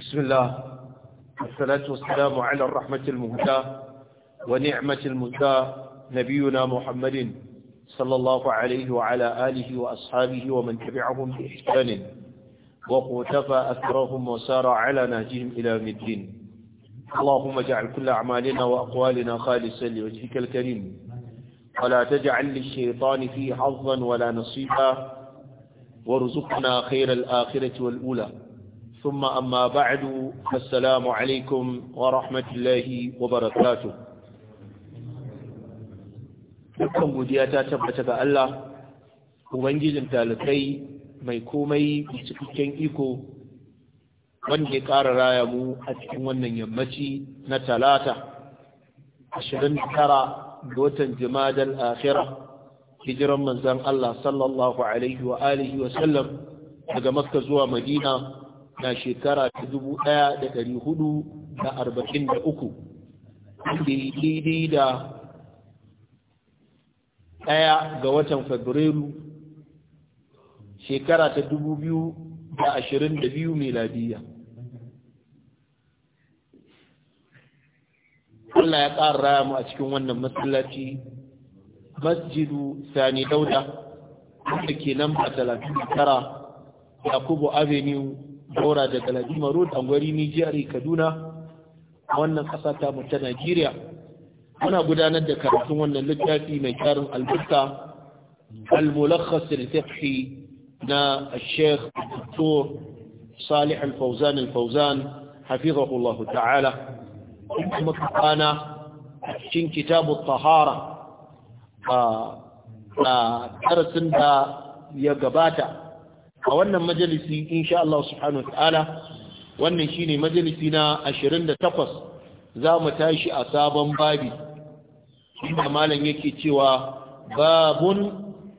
بسم الله والصلاة والسلام على الرحمة المهداة ونعمة المهداة نبينا محمد صلى الله عليه وعلى آله وأصحابه ومن تبعهم بإحسان وقتفى أثرهم وسار على نهجهم إلى الدين اللهم اجعل كل أعمالنا وأقوالنا خالصا لوجهك الكريم ولا تجعل للشيطان فيه حظا ولا نصيبا وارزقنا خير الآخرة والأولى ثم أما بعد السلام عليكم ورحمة الله وبركاته dukkan godiya ta tabbata ga Allah ubangijin talakai mai komai cikakken iko wanda ya ƙara raya mu a cikin wannan yammaci na talata tara da watan jimadal akhira hijiran manzon Allah sallallahu alaihi wa alihi wa sallam daga makka zuwa madina na shekara ta dubu ɗaya da ɗari hudu da arba'in da uku daidai da ɗaya ga watan fabrairu shekara ta dubu biyu da ashirin da biyu meladiya Allah ya ƙara raya mu a cikin wannan masallaci masjidu sani dauda wanda ke nan ba talatin tara yakubu avenue daura da ladima road angwari nijiyar kaduna wannan ƙasa ta mu ta najeriya muna gudanar da karatun wannan littafi mai karin albarka al-mulakhas al-fiqhi na al-sheikh dr salih al-fawzan al-fawzan hafizahullah ta'ala kuma kana cikin kitabut tahara a darasin da ya gabata a wannan majalisi insha Allah subhanahu wa wannan shine majalisi na 28 za mu tashi a sabon babi inda malam yake cewa babun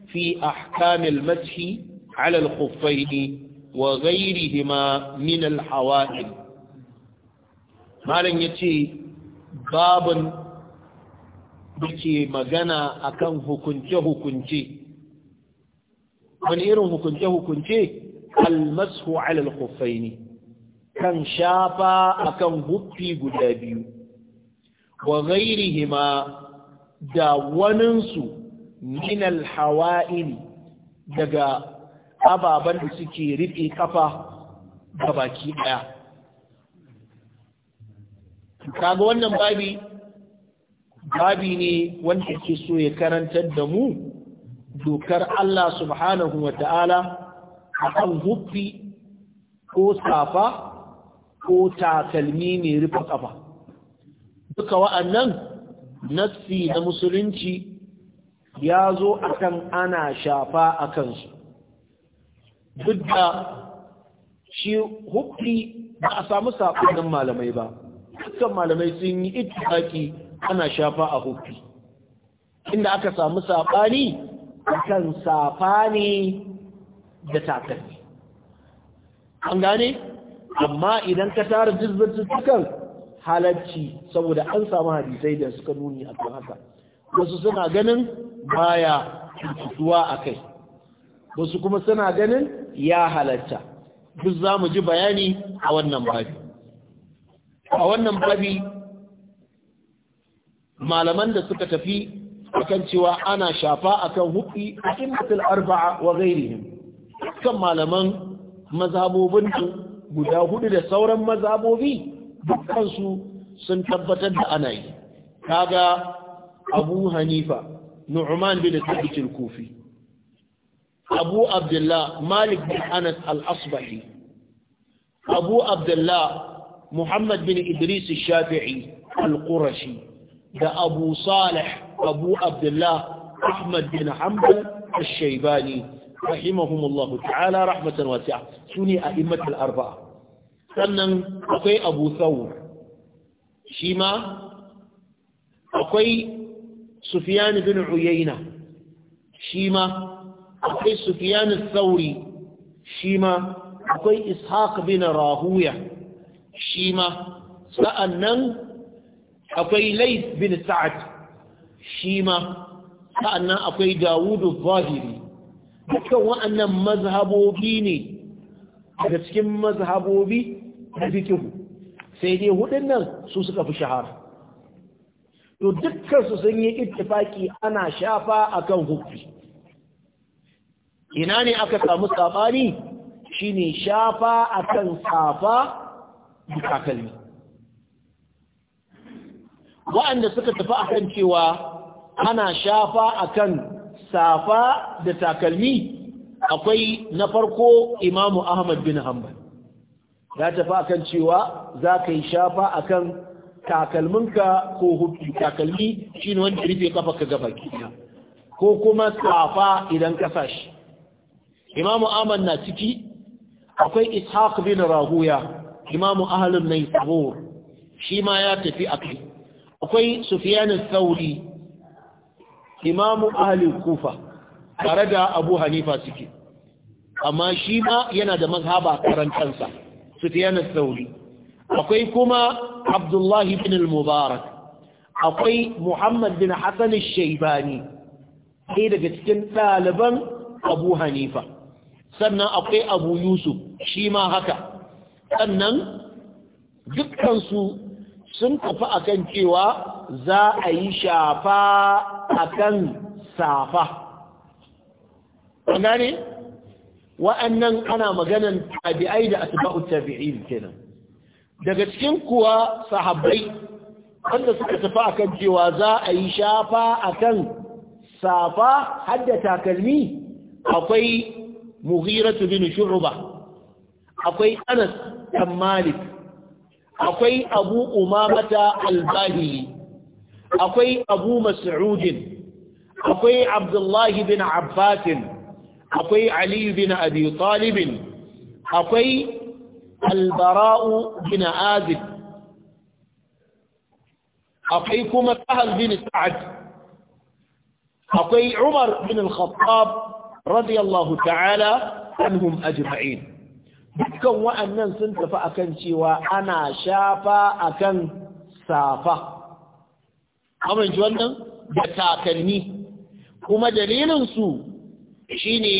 fi ahkamil mashi ala al-khuffaini wa ghayrihima min al-hawa'il malam yace babun yake magana akan hukunce hukunce wani irin hukunce-hukunce almasu alal kufai ne kan shafa akan huffi guda biyu wa gairihima da waninsu minal hawa'ili daga ababen da suke rufe kafa ga baki ɗaya. kaga wannan babi babi ne wanda ke so ya karantar da mu dokar Allah subhanahu wa ta'ala a kan huffi ko safa ko takalmi ne rufe ƙafa. Duka wa'annan nassi na musulunci ya zo a kan ana shafa a kansu. Duk da shi huffi ba a samu saɓonin malamai ba, dukkan malamai sun yi ita ana shafa a huffi. Inda aka samu saɓani akan safa ne da takalmi an gane amma idan ka tara jizzattukan halarci saboda an samu hadisai da suka nuni a kan haka wasu suna ganin baya cutuwa a kai wasu kuma suna ganin ya halarta. duk za mu ji bayani a wannan babi a wannan babi malaman da suka tafi akan cewa ana shafa akan hubbi a immatul arba'a wa ghairihim dukkan malaman mazhabobin guda hudu da sauran mazabobi dukansu sun tabbatar da ana yi kaga Abu Hanifa Nu'man bin Thabit al-Kufi Abu Abdullah Malik bin Anas al-Asbahi Abu Abdullah Muhammad bin Idris al-Shafi'i al-Qurashi da Abu Salih أبو عبد الله أحمد بن حنبل الشيباني رحمهم الله تعالى رحمة واسعة سني أئمة الأربعة sannan akwai abu thawr shi akwai sufyan bin uyayna shi ma akwai sufyan thawri shi akwai ishaq bin rahuya shi ma sa'annan akwai layth bin sa'ad shi ma sa'annan akwai dawudu zahiri dukkan wa'annan mazhabobi ne daga cikin mazhabobi na fikin sai dai hudun nan su suka fi shahara to dukkan su sun yi ittifaki ana shafa akan hufi ina ne aka samu Shi ne shafa akan safa da waɗanda suka tafi a cewa ana shafa akan safa da takalmi akwai na farko imamu ahmad bin hanbal ya tafi akan cewa za ka yi shafa akan takalminka ko hukki takalmi shi ne wanda rufe kafa ka gaba kiya ko kuma safa idan ka shi imamu ahmad na ciki akwai ishaq bin rahuya imamu ahlun naysabur shi ma ya tafi a kai. akwai Sufyan al-Thawri imamu ahli Kufa tare da Abu Hanifa suke amma shi ma yana da mazhaba karantansa Sufyan al-Thawri akwai kuma Abdullahi bin al-Mubarak akwai Muhammad bin Hassan al-Shaybani sai daga cikin ɗaliban Abu Hanifa sannan akwai Abu Yusuf shi ma haka sannan dukkansu sun tafi akan cewa za a yi shafa akan safa gane wa'annan ana maganan tabi'ai da asba'u tabi'in kenan daga cikin kuwa sahabbai wanda suka tafi akan cewa za a yi shafa akan safa hadda takalmi akwai muhiratu bin shu'ba akwai Anas dan Malik akwai abu umamata albahili akwai abu mas'udin akwai abdullahi bin abbasin akwai ali bin abi talibin akwai albara'u bin azib akwai kuma sahal bin sa'ad akwai umar bin al-khattab radiyallahu ta'ala anhum ajma'in dukkan wa'annan sun tafi akan cewa ana shafa akan safa amince wannan da takalmi kuma dalilinsu shine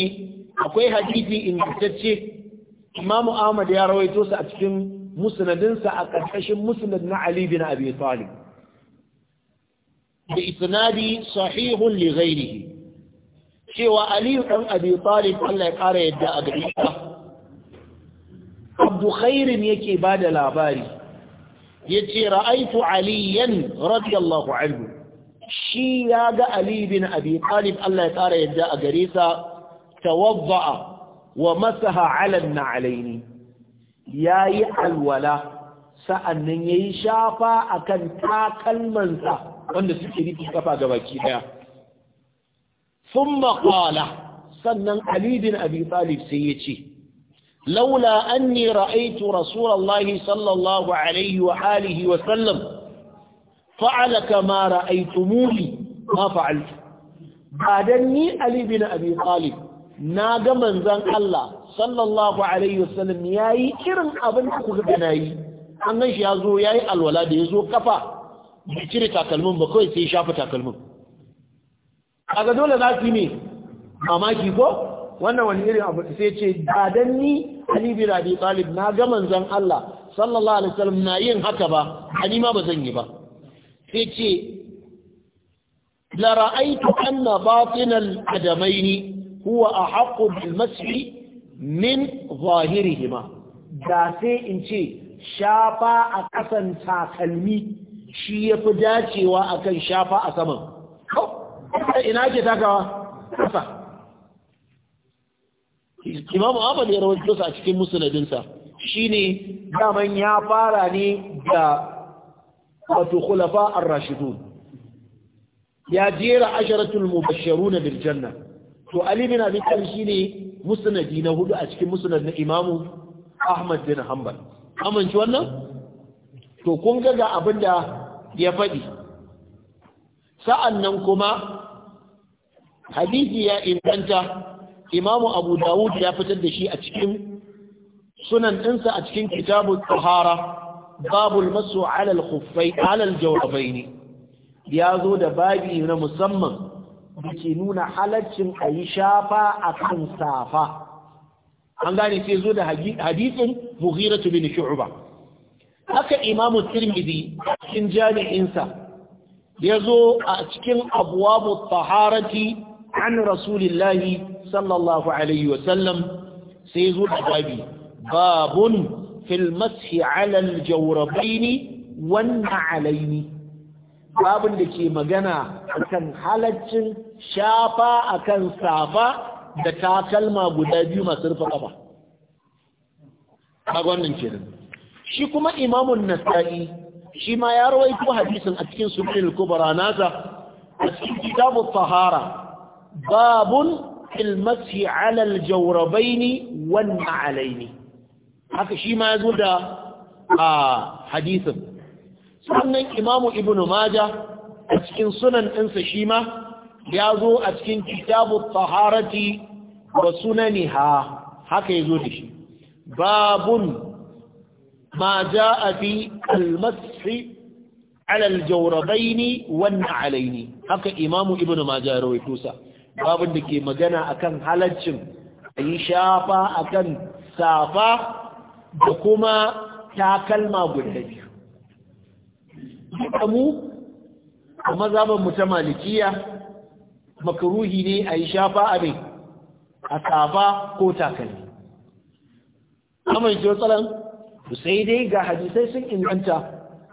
akwai hadisi ingantacce imamu ahmad ya rawaito su a cikin musnadinsa a ƙarƙashin musnad na ali bin abi talib da isnadi sahihun li ghairihi cewa ali dan abi talib Allah ya ƙara yadda a gare bukhairin yake ba da labari ya ce ra'aitu aliyan radiyallahu anhu shi ya ga ali bin abi talib Allah ya tsara yadda a gare sa tawadda'a wa masaha ala na'alaini yayi alwala sa'annan yayi shafa akan takalmansa wanda suke rufe kafa gabaki daya sun maƙwala. sannan ali bin abi talib sai ya ce لولا أني رأيت رسول الله صلى الله عليه وآله وسلم فعل كما رأيتموني ما فعلت بعدني علي بن أبي طالب ناغ منزان الله صلى الله عليه وسلم ياي إرن أبن كغبناي أنه يازو ياي الولاد يزو كفا بيشري تاكلمون بكوي سيشاف تاكلمون أقدول ذاتي مين mamaki ko wannan wani irin abu sai ce ba dan ni Ali bin Abi Talib na ga manzon Allah sallallahu alaihi wasallam na yin haka ba ani ma ba zan yi ba sai ce la ra'aytu anna batina al-qadamaini huwa a bil mas'i min zahirihima da sai in ce shafa a kasan takalmi shi yafi dacewa akan shafa a saman ina ke takawa kasa imamu ahmad ya rawaito sa a cikin musnadinsa shine daman ya fara ne da wato khulafa ar-rashidun ya jera asharatul mubashshiruna bil janna to ali bin abi talib shine musnadi na hudu a cikin musnad na imamu ahmad bin hanbal amince wannan to kun ga ga da ya faɗi Sa'an nan kuma hadisi ya inganta imamu abu dawud ya fitar da shi a cikin sunan ɗinsa a cikin kitabun tuhara babul masu alal khuffai alal ne ya zo da babi na musamman da ke nuna halaccin a yi shafa a kan safa an gane sai zo da hadisin mughiratu bin shu'uba haka imamu tirmidhi cikin jami'insa ya zo a cikin abwabu taharati an rasulillahi sallallahu alaihi wasallam sai zo da babi babun fil mashi ala aljawrabaini wan alaini babun da ke magana akan halaccin shafa akan safa da takalma guda biyu masu rufe kafa shi kuma imamun nasa'i shi ma ya rawaito hadisin a cikin sunan kubara nasa a cikin kitabu tahara babun المسح على الجوربين والنعلين haka shi ma yazo da a sannan imamu ibnu maja a cikin sunan ɗinsa shi ya zo a cikin kitabu taharati wa sunaniha haka ya zo da babun ma ja'a fi almasi ala aljawrabaini wan alaini haka imamu ibnu maja ya rawaito sa babin da ke magana akan halaccin a yi shafa akan safa da kuma takalma guda biyu mu a mu ta malikiya makaruhi ne a yi shafa a mai a safa ko takalmi amince tsaron sai dai ga hadisai sun inganta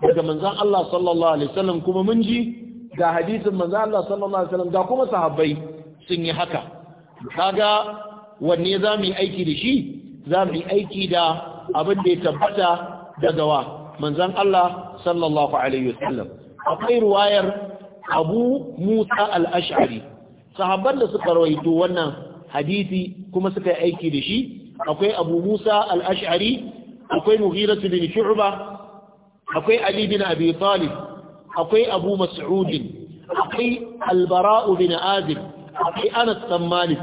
daga manzan Allah sallallahu Alaihi wasallam kuma mun ji ga hadisin manzan Allah sallallahu Alaihi wasallam ga kuma sahabbai sun yi haka kaga wanne za mu yi aiki da shi za mu yi aiki da abin da ya tabbata daga wa manzan Allah sallallahu alaihi wasallam akwai ruwayar Abu Musa al-Ash'ari sahabban da suka rawaito wannan hadisi kuma suka yi aiki da shi akwai Abu Musa al-Ash'ari akwai Mughira bin shu'uba akwai Ali bin Abi Talib akwai Abu Mas'ud akwai albara'u bin Azib akwai anas dan malik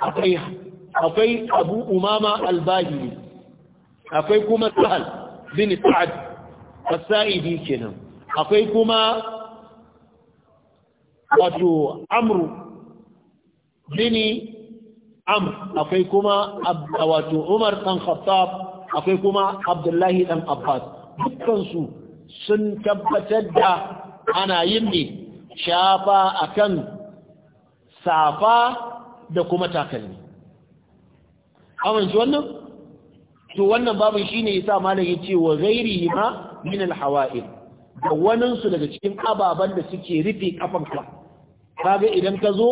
akwai abu umama al-bahili akwai kuma sahal bin sa'ad as kenan akwai kuma wato amru bin amr akwai kuma wato umar dan khattab akwai kuma abdullahi dan abbas dukkansu sun tabbatar da ana yin ne shafa akan safa da kuma takalmi amince wannan to wannan babin shine yasa malam ce wa ghairihi ma min alhawa'il da wannan su daga cikin ababan da suke rufe kafan Ka kaga idan ka zo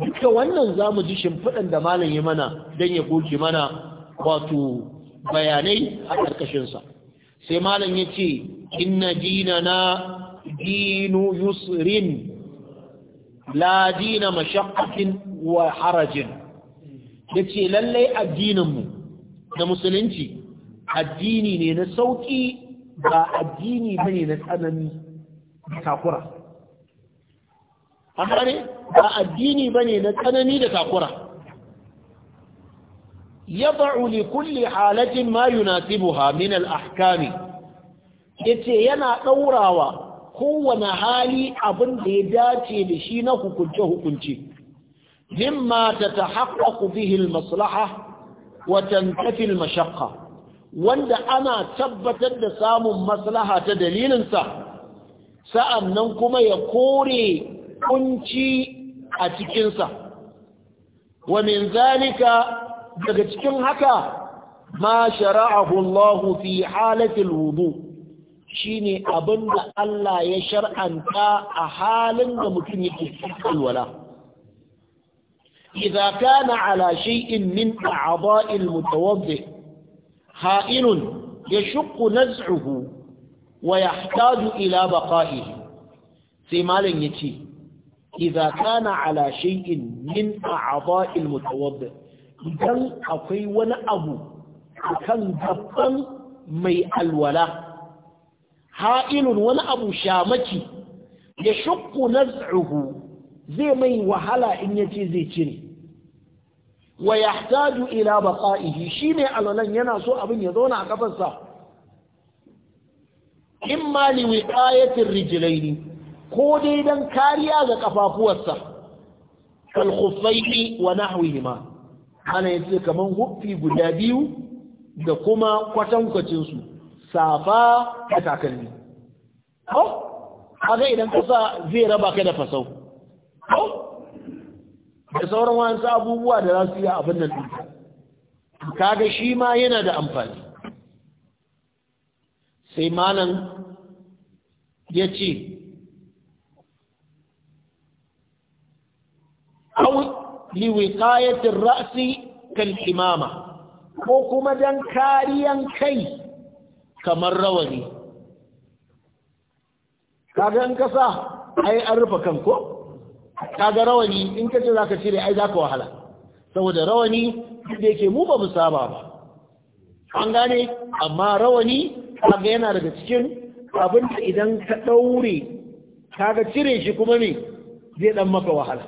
duka wannan zamu ji shimfidan da malam ya mana dan ya goge mana wato bayanai a karkashin sa sai malam yace inna dinana dinu yusrin la dina mashaqqatin wa harajin yace lallai addinin mu na musulunci addini ne na sauki ba addini bane na tsanani da takura amma ne ba addini bane na tsanani da takura yad'u li kulli halatin ma yunasibuha min al-ahkami yace yana daurawa kowane hali abin da ya dace da shi na hukunce-hukunce mimma ta ta haƙaƙu bihil maslaha wa tantafil mashakka wanda ana tabbatar da samun maslaha ta dalilinsa sa'an nan kuma ya kore kunci a cikinsa wa min zalika daga cikin haka ma shara'ahu Allah fi halatil wudu' shine abin da Allah ya shar'anta a halin da mutum yake alwala idza kana ala shay'in min a'dha'i al-mutawaddi ha'inun yashqu naz'uhu wa yahtaju ila baqa'ihi sai malam yace idza kana ala shay'in min a'dha'i al-mutawaddi idan akwai wani abu kan gaban mai alwala ha'ilun wani abu shamaki ya shukku naz'uhu zai mai wahala in yace zai cire wa yahtaju ila shi ne alwalan yana so abin ya zauna a kafarsa imma li wiqayati rijlaini ko dai dan kariya ga ƙafafuwarsa kal khuffaini wa ma. ana yace kaman huffi guda biyu da kuma kwatankwacin su safa a takalmi ko kaga idan ka sa zai raba ka da fasau ko da sauran wasu abubuwa da za su yi abin nan kaga shi ma yana da amfani sai malam ya ce au da ra'asi kan imama ko kuma dan kariyan kai kamar rawani kaga in ka ai an rufe kan ko kaga rawani in kace zaka za ka cire ai za ka wahala saboda rawani da yake mu ba mu saba ba an gane amma rawani kaga yana daga cikin abinda da idan ka ɗaure kaga cire shi kuma ne zai ɗan maka wahala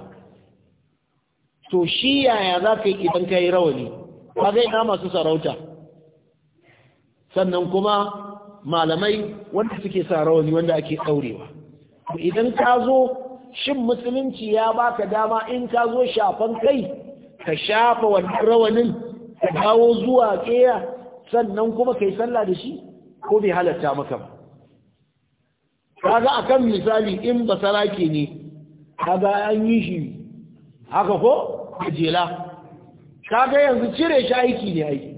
to shi yaya za ka yi idan ka yi rawani kaga ina masu sarauta sannan kuma malamai wanda suke sa rawani wanda ake ɗaurewa idan ka zo shin musulunci ya baka dama in ka zo shafan kai ka shafa wannan rawanin ka dawo zuwa ƙeya sannan kuma kai sallah da shi ko bai halatta maka ba kaga akan misali in basarake ne kaga an yi shi haka ko jela kaga yanzu cire shi aiki ne aiki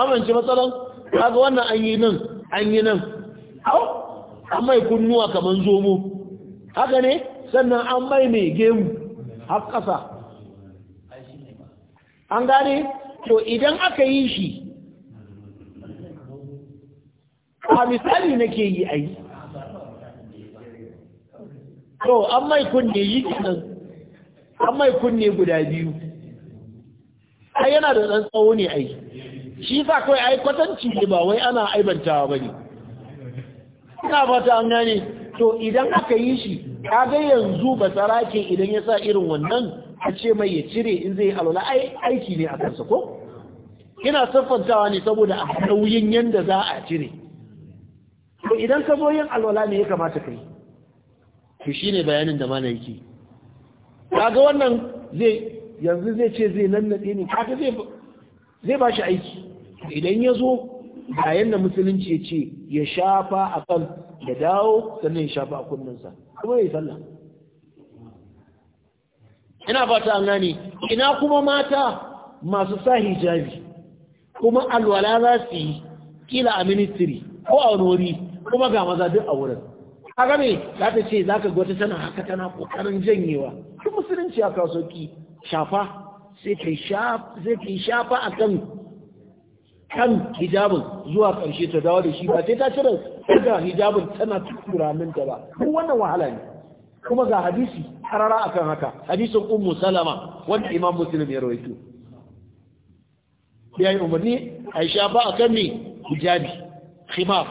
amince matsalan kaga wannan an yi nan an yi nan hau an mai kunnuwa kamar zomo haka ne sannan an mai mai gemu har ƙasa an gane to idan aka yi shi a misali nake yi a yi to an mai kunne yi kenan an mai kunne guda biyu ai yana da ɗan tsawo ne ai shi sa kawai ai kwatanci ne ba wai ana aibantawa ba ne ina fata an gane to idan aka yi shi ga yanzu ba tsara ke idan ya sa irin wannan a ce mai ya cire in zai alwala ai aiki ne a kansa ko ina siffantawa ne saboda a nauyin yanda za a cire to idan ka zo yin alwala ne ya kamata kai to shine bayanin da mana yake ga wannan zai yanzu zai ce zai nannade ne ga zai zai ba shi aiki idan ya zo ga yadda musulunci ya ce ya shafa a kan ya dawo sannan ya shafa a kunninsa kuma ya yi sallah ina ba ta gane ina kuma mata masu sa hijabi kuma alwala za su yi kila a ministiri ko a wani kuma ga maza duk a wurin A gane za ta ce za ka gwata tana haka tana kokarin janyewa duk musulunci ya kawo sauki shafa sai ke shafa a kan kan hijabin zuwa ƙarshe ta dawo da shi ba sai ta cire daga hijabin tana tukura min ta ba duk wannan wahala ne kuma ga hadisi harara akan haka hadisin ummu salama wanda imam muslim ya rawaito ya yi umarni a yi shafa a kan ne hijabi khimar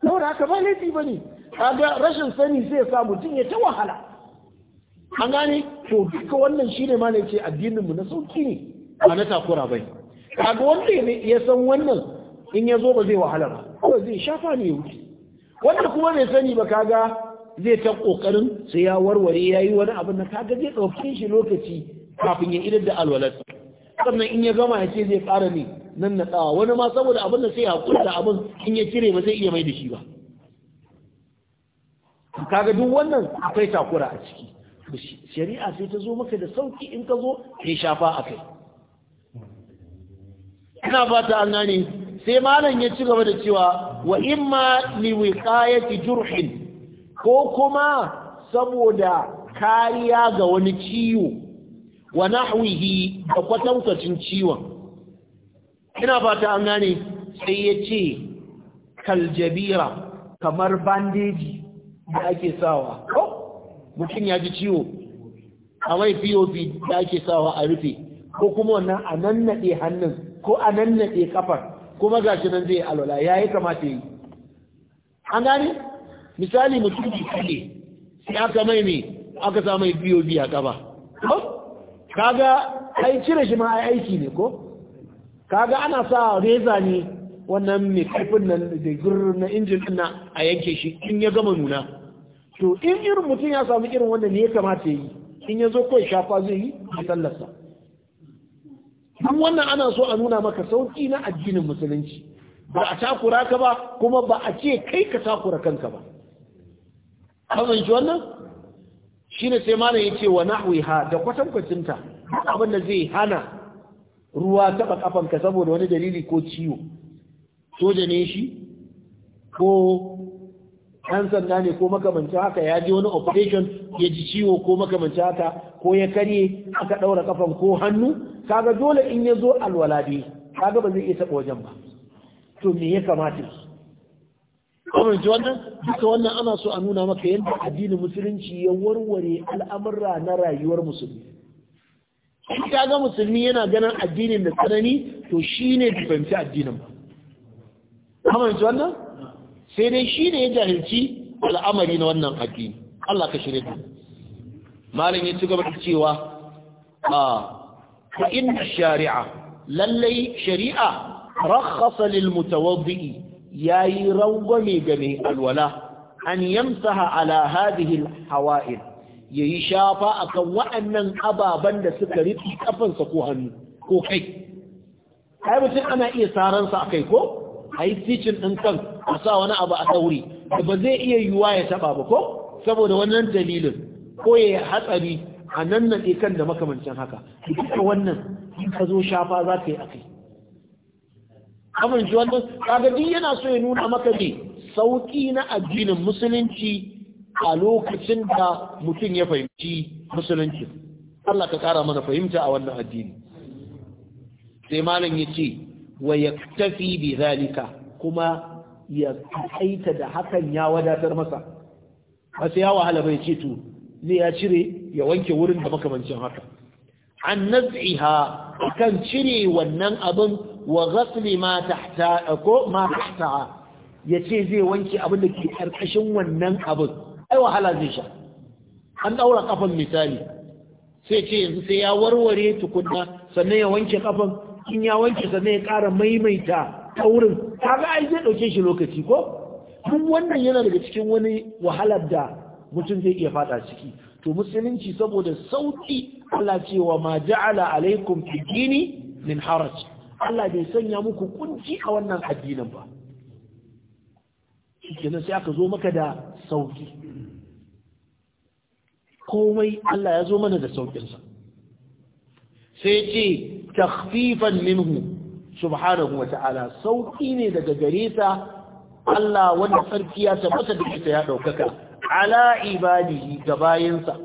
saboda haka ba laifi ba ne kaga rashin sani zai samu mutum ya ta wahala an gane to duka wannan shine ne mana ce addinin mu na sauki ne ba na takura bai kaga wanda ya san wannan in ya zo ba zai wahala ba ko zai shafa ne wuce wanda kuma bai sani ba kaga zai ta kokarin sai ya warware yayi wani abin da kaga zai dauke shi lokaci kafin ya idar da alwalat sannan in ya gama ya ce zai fara ne nan na tsawa wani ma saboda abin da sai ya kula abin in ya cire ba zai iya mai da shi ba kaga duk wannan akwai takura a ciki shari'a sai ta zo maka da sauki in ka zo ke shafa a kai ina fata an gane sai malam ya ci gaba da cewa wa imma li wiqayati jurhin ko kuma saboda kariya ga wani ciwo wa nahwihi da kwatankwacin ciwon ina fata an gane sai ya ce kaljabira kamar bandeji da ake sawa mutum ya ji ciwo a mai pop da ake sawa a rufe ko kuma wannan a nan naɗe hannun ko a nan naɗe kafar kuma shi nan zai alwala ya yi kamata yi an gani, misali mutum ji kaɗe sai aka mai ne aka sa mai pop a kafa kaga ai cire shi ma ai aiki ne ko kaga ana sa reza ne wannan mai kaifin nan da gurur na injin na a yanke shi in ya gama nuna to in irin mutum ya samu irin wanda ne ya kamata yi in ya zo kawai shafa zai yi a tallasa. duk wannan ana so a nuna maka sauki na addinin musulunci ba a takura ka ba kuma ba a ce kai ka takura kanka ba kazan shi wannan shine sai mana ya ce wa ha da kwatan abin da zai hana ruwa taɓa kafanka saboda wani dalili ko ciwo soja ne shi ko Yan sanda ne ko makamanci haka ya ji wani operation ya ji ciwo ko makamanci haka ko ya karye aka ɗaura kafan ko hannu kaga dole in ya zo alwalade kaga ba zai iya taɓa wajen ba to me ya kamata kuma ji wannan duka wannan ana so a nuna maka yadda addinin musulunci ya warware al'amura na rayuwar musulmi in ka ga musulmi yana ganin addinin da tsanani to shine bai fahimci addinin ba kuma ji wannan sai dai shi ne ya jahilci al'amari na wannan addini Allah ka shirye ta malam ya ci gaba da cewa a ah, fa shari'a lallai shari'a rakhasalil lil mutawaddi yayi rangwame ga mai alwala an yamsaha ala hadhihi al ya yayi shafa akan wa'annan ababen da suka rufe kafansa ko hannu ko kai ai mutum ana iya saransa kai ko a yi ticin ɗin kan a sa wani abu a sauri, da ba zai iya yiwuwa ya taɓa ba ko saboda wannan dalilin ko ya hatsari a nan na kan da makamancin haka duka wannan in ka zo shafa za ka yi a kai amince wannan kagadi yana so ya nuna maka ne sauƙi na addinin musulunci a lokacin da mutum ya fahimci musulunci Allah ka ƙara mana fahimta a wannan addini sai malam ya ce wa ya tafi zalika kuma ya kaita da hakan ya wadatar masa ba sai ya wahala bai ce to zai ya cire ya wanke wurin da makamancin haka an naz'iha kan cire wannan abin wa ghasli ma tahta ko ma tahta ce zai wanke abin da ke karkashin wannan abin ai wahala zai sha an daura kafan misali sai ce yanzu sai ya warware tukunna sannan ya wanke kafan in ya wanke sannan ya ƙara maimaita taurin kaga ai zai ɗauke shi lokaci ko duk wannan yana daga cikin wani wahalar da mutum zai iya fada ciki to musulunci saboda sauki Allah cewa ma ja'ala alaikum fi dini min haraj Allah bai sanya muku kunci a wannan addinin ba kenan sai aka zo maka da sauki komai Allah ya zo mana da saukinsa sai ce takhfifan minhu subhanahu wa ta'ala sauki ne daga gare ta Allah wanda sarki ya tabbata da ita ya daukaka ala ibadihi ga bayinsa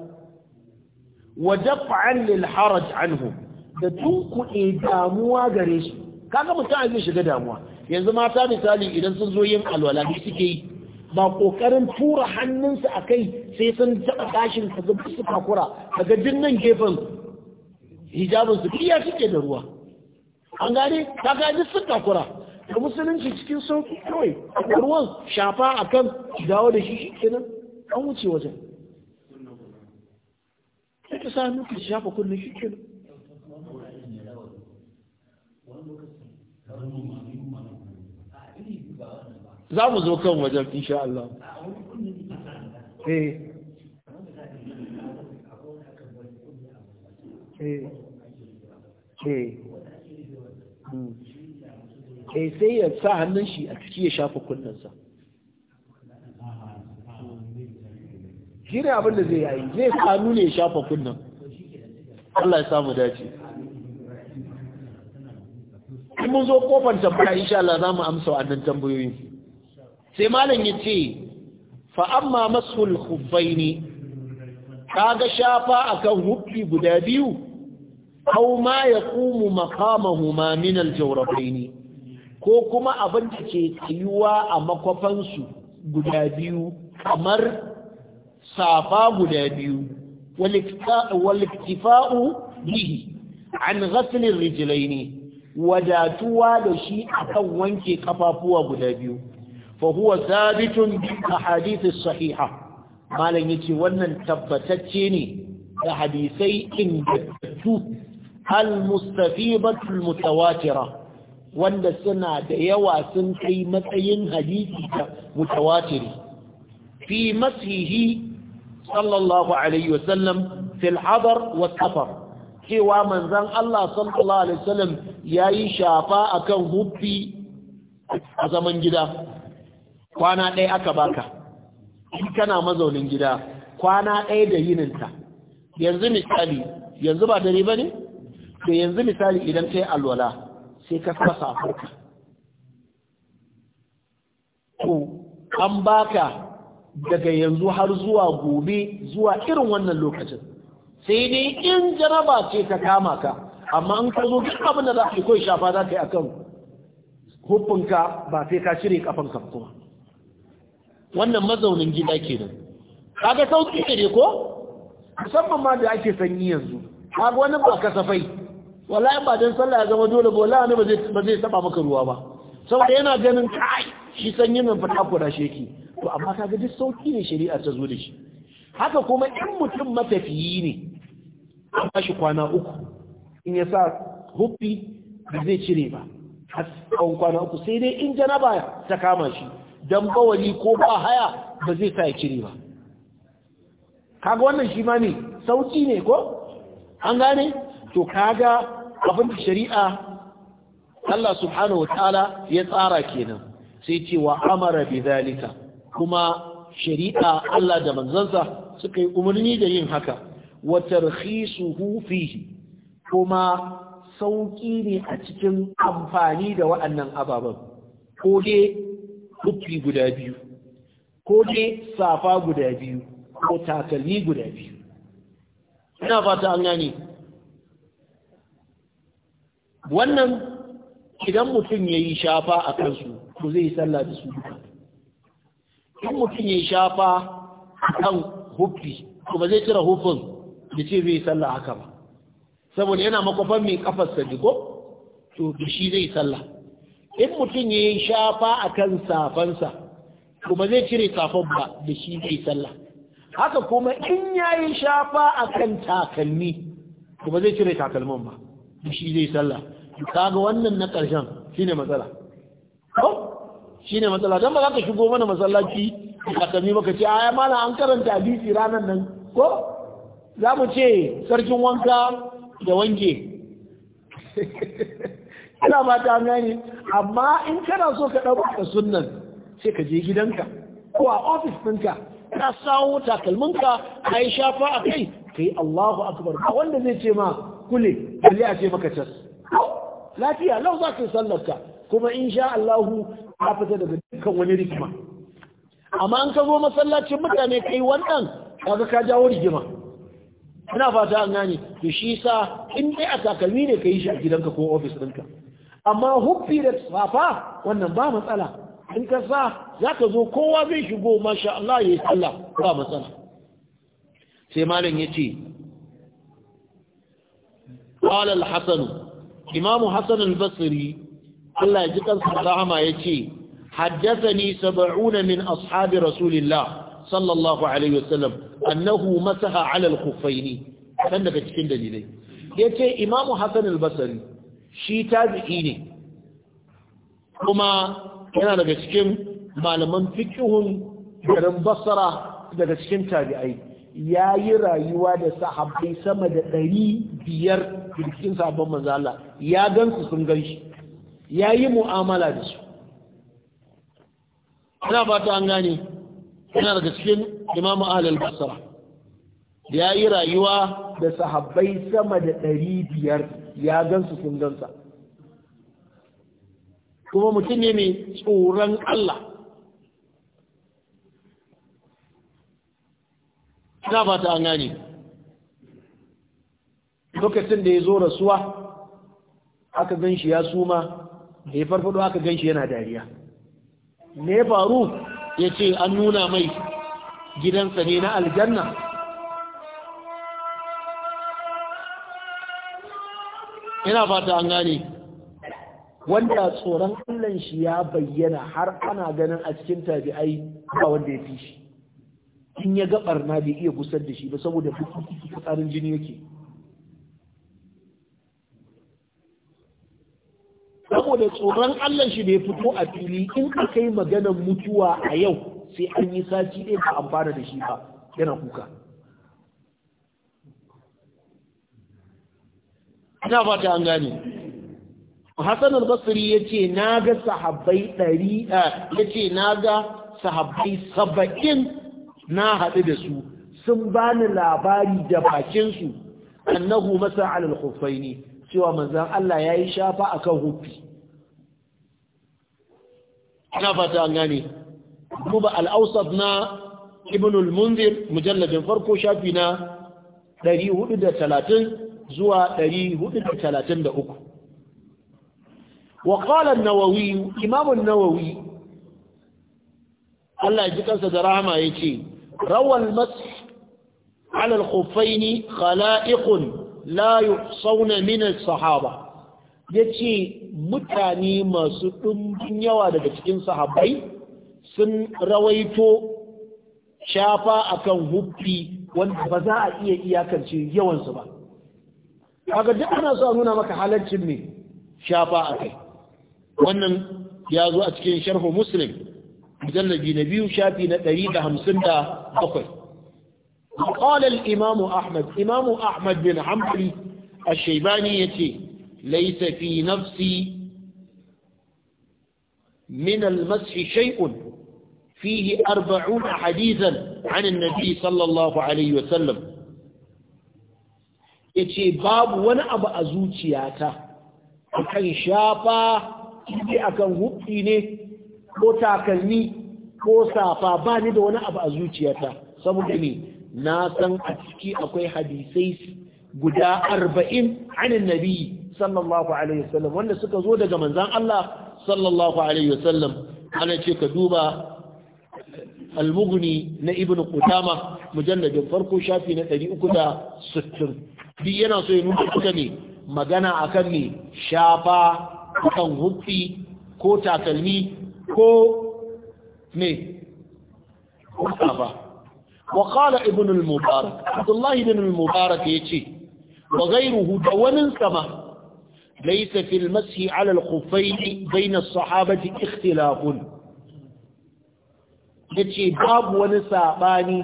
wa daf'an lil haraj anhu da tunkuɗe damuwa gare su kaga mutum zai shiga damuwa yanzu mata misali idan sun zo yin alwala ne suke yi ba kokarin tura hannunsa a kai sai sun taɓa gashin ka zubi su kakura daga dinnan gefen hijabin su iya suke da ruwa an gane ta gaji sun takura da musulunci cikin sauki kawai da ruwan shafa a kan dawo da shi shi kenan an wuce wajen sai ta sa nuka shafa kullum shi kenan za mu zo kan wajen insha Allah eh eh ke eh. eh, sai ya sa hannun shi a ciki ya shafa kunnensa shi ne abin da zai yi zai sa hannu ne ya shafa kunnan. Allah ya samu dace in mun zo kofar tambaya insha Allah za mu amsa wannan tambayoyin sai malam ya ce fa amma masul khuffaini kaga shafa akan huffi guda biyu aw ma yaqumu maqamahuma min al-jawrabaini ko kuma abin da ke tsayuwa a makwafansu guda biyu kamar safa guda biyu waliktifa'u bihi an ghaslin rijilaini wadatuwa da shi akan wanke kafafuwa guda biyu fa huwa thabitun bi ahadith sahiha ya ce wannan tabbatacce ne da hadisai ingantattu al-mustafibatul mutawatira wanda suna da yawa sun kai matsayin hadisi ta mutawatiri fi masihi sallallahu alaihi wasallam fil hadar wa safar cewa manzon Allah sallallahu alaihi wasallam yayi shafa akan hubbi a zaman gida kwana ɗaya aka baka in kana mazaunin gida kwana ɗaya da yininta yanzu misali yanzu ba dare ba ne? to yanzu misali idan yi alwala sai ka fasa farka to an baka daga yanzu har zuwa gobe zuwa irin wannan lokacin sai dai in jaraba ce ta kama ka amma an ka zo duk abin da za ka kai shafa za ka yi akan hukunka ba sai ka cire kafan ka kuma wannan mazaunin gida kenan kaga sauki ne ko musamman ma da ake sanyi yanzu kaga wani ba kasafai wallahi ba dan sallah ya zama dole ba wallahi ne ba zai taba maka ruwa ba saboda yana ganin kai shi sanyin nan fata ko da sheki to amma kaga duk sauki ne shari'a ta zo da shi haka kuma in mutum matafiyi ne an bashi kwana uku in ya sa huffi ba zai cire ba har tsawon kwana uku sai dai in janaba ta kama shi dan bawali ko ba haya ba zai sa ya cire ba kaga wannan shi ma ne sauki ne ko an gane to kaga abin da shari'a Allah subhanahu wa ta'ala ya tsara kenan sai ce wa amara bi zalika kuma shari'a Allah da manzansa suka yi umarni da yin haka wa tarhisuhu fihi kuma sauki ne a cikin amfani da waɗannan ababen ko dai rufi guda biyu ko dai safa guda biyu ko takalmi guda biyu ina fata an gane wannan idan mutum ya yi shafa a kansu to zai yi sallah da su duka in mutum ya yi shafa a kan hufi to ba zai cire hufin da ce zai yi sallah haka ba saboda yana makwafan mai kafarsa jiko to da shi zai yi sallah in mutum ya yi shafa a kan safansa to ba zai cire safan ba da shi zai yi sallah haka kuma in ya yi shafa a kan takalmi to ba zai cire takalman ba da shi zai yi sallah kaga wannan na ƙarshen shine matsala ko shine matsala dan ba za ka shigo mana masallaci ka kami maka ce ai mala an karanta hadisi ranar nan ko za mu ce sarkin wanka da wanke? ina ba ta gane amma in kana so ka ɗauka sunnan sai ka je gidanka ko a ofis ɗinka ka sawo takalminka ka yi shafa a kai ka yi Allahu akbar wanda zai ce ma kule balle a ce maka cas lafiya lau za ka yi sallarta kuma in sha Allahu ka fita daga dukkan wani rigima amma an ka zo masallacin mutane kai wannan kaga ka jawo rigima ina fata an gane to shi sa in dai a takalmi ne ka yi shi a gidanka ko ofis ɗinka amma huffi da safa wannan ba matsala in ka sa za ka zo kowa zai shigo masha Allah ya yi sallah ba matsala sai malam ya ce قال الحسن imamu hassan al-basri Allah ya ji kansa rahama yace haddathani sab'una min ashabi rasulillah sallallahu alaihi wasallam annahu masaha ala al-khuffaini kan daga cikin dalilai yace imamu hassan al-basri shi tabi'i ne kuma yana daga cikin malaman fiqhun garin basra daga cikin tabi'ai yayi rayuwa da sahabbai sama da ɗari biyar. cikin sabon manzo Allah ya gansu sun gan shi ya yi mu'amala da su ina fata an gane yana daga cikin imam ahlul basra ya yi rayuwa da sahabbai sama da ɗari biyar ya gansu sun sa kuma mutum ne mai tsoron Allah ina ta an gane lokacin da ya zo rasuwa aka gan ya suma da ya farfado aka gan yana dariya me faru ya ce an nuna mai gidansa ne na aljanna ina fata an gane wanda tsoron allon shi ya bayyana har ana ganin a cikin tabi'ai ba wanda ya fi shi in ya ga na bai iya gusar da shi ba saboda tsarin jini yake saboda tsoron Allah shi bai fito a fili in aka yi maganar mutuwa a yau sai an yi sati ɗaya ba amfana da shi ba yana kuka ina fata an gane Hassan al-Basri yace na ga sahabbai ɗari yace na ga sahabbai saba'in na haɗu da su sun bani labari da bakinsu annahu masa alal khuffaini cewa manzan Allah ya yi shafa a kan hufi ina fata an gane duba al'ausaf na ibnul munzir Mujallajin farko shafi na 430 zuwa 433 وقال Allah إمام النووي الله يجيكم سدرهما يتي روى المسح على ne خلائق Layu, Sauna, min sahaba sahaba yace mutane masu ɗumbin yawa daga cikin sahabbai sun rawaito shafa akan huffi wanda ba za a iya iyakance yawansu ba kaga duk ana so nuna maka halaccin ne shafa akai wannan ya zo a cikin sharhu muslim mujallabi na biyu shafi na ɗari da hamsin da bakwai وقال الإمام أحمد إمام أحمد بن حنبل الشيباني يتي ليس في نفسي من المسح شيء فيه أربعون حديثا عن النبي صلى الله عليه وسلم yace babu wani abu a zuciyata akan shafa ne akan hukki ne ko takalmi ko safa ba ni da wani abu a zuciyata saboda ne na san a ciki akwai hadisai guda arba'in anin nabi sallallahu alaihi wasallam wanda suka zo daga manzan Allah sallallahu alaihi wasallam ana ce ka duba al na ibnu qutama mujalladin farko shafi na 360 bi yana so ya nuna kuka ne magana akan ne shafa kan huffi ko takalmi ko ne ko safa wa qala ibn al-mubarak abdullahi ibn al-mubarak yace wa ghayruhu da wanin sama laysa fil mashi ala al-khuffayn bayna as-sahabati ikhtilafun babu wani sabani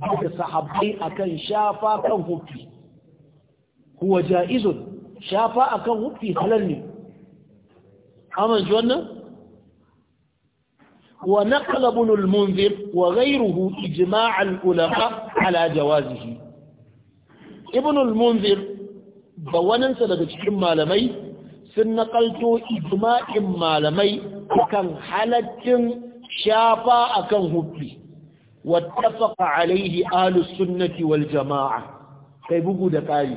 daga sahabbai akan shafa kan hufi huwa jaizun shafa akan hufi halal ne amma wannan ونقل ابن المنذر وغيره إجماع العلماء على جوازه ابن المنذر بواننسا daga cikin malamai sun nakalto ijma'in malamai kan halaccin shafa akan hubbi wattafaqa alaihi ahlus sunnati wal jama'a kai bugu da kari